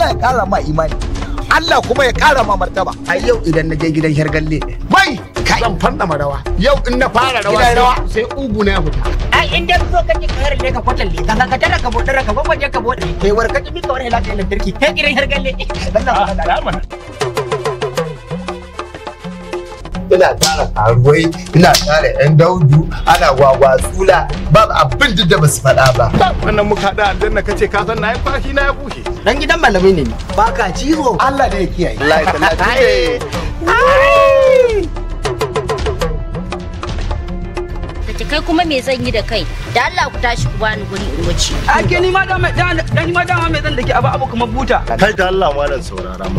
Allah ya kara ma imani Allah kuma ya kara ma martaba a yau idan na je gidan shargalle bai zan fanda rawa yau in na fara rawa sai ugu na ya fita ai in da so kake kare ne ka kwatalle ka ka tara ka bodar ka babban ka bodar kai war ka ji bi ka war helata lantarki kai gidan da Allah ah, da kara ina tara karuwai ina tara yan daudu ana gwagwa tsula ba abin duk da ba su faɗa ba wannan muka da aljanna kace ka san na yi kwashi na ya bushe dan gidan malamai ne ba ka cizo Allah da ya kiyaye Allah ya tallace kai kuma me zan yi da kai da Allah ku tashi ku bani guri in wuce a ke ni ma da ni ma da me zan dake abu abu kuma buta kai da Allah malam saurara mu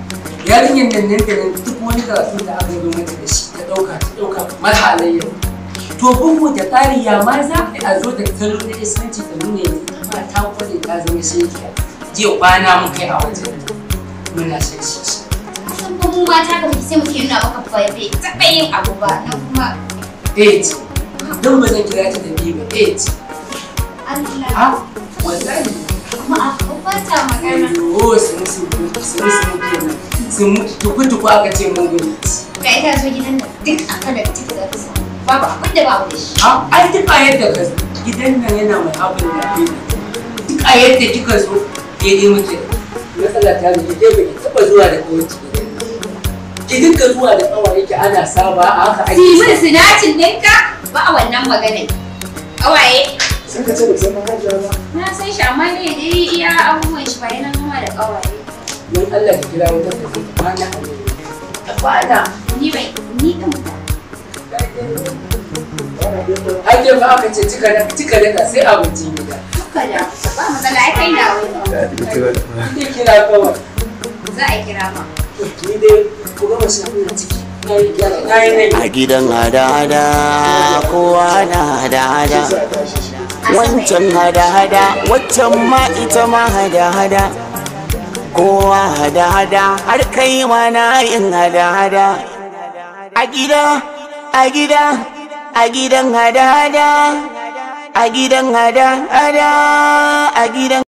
yarinyar nan nan da nan duk wani karatun da aka yi mata da shi ta ɗauka ta ɗauka kamar halayyar to bugu da tsari ya ma za a zo da kallo da iskanci da nuna yanzu amma ta kwale ta zama shekiya jiya kwana mun kai a wajen muna shan shi kuma mu mata da sai muke nuna maka bai bai taɓa yin abu ba na kuma eight don ba zan kira ta da biyu ba eight Allah ah, wallahi kuma a kwata magana oh sai sai sai sai kenan su mutu tuku-tuku aka ce mun gudu. Ka ita so gidan nan duk a kalar tuku za ka samu. Babu kun da babu da shi. Ah, ai duk a yadda ka gidan nan yana mai abin da abin Duk a yadda kika zo ya daidai muke. Matsala ta zo ke bai taɓa zuwa da kowace gidan. Ki dinka zuwa da ƙawaye ki ana saba a haka ake. Simin sinacin ɗinka ba a wannan maganar. Ƙawaye. Sun ka ce da zama hajjawa. Na san shi amma ne dai iya abubuwan shi ba yana nuna da ƙawaye. don Allah ki kira wata ka sai kwana a kwana ni bai ni din ba ai ke ba aka ce cika da cika da sai abinci gida haka da ba mu matsala ai kai na wani ki kira kawai za a kira ma ni dai ku gama shafin ciki A gidan hada-hada kowa na hada-hada wancan hada-hada waccan ma ita ma hada-hada kowa hada-hada har kai mana yin hada-hada a gida a gida a gidan hada-hada a gidan hada-hada a gidan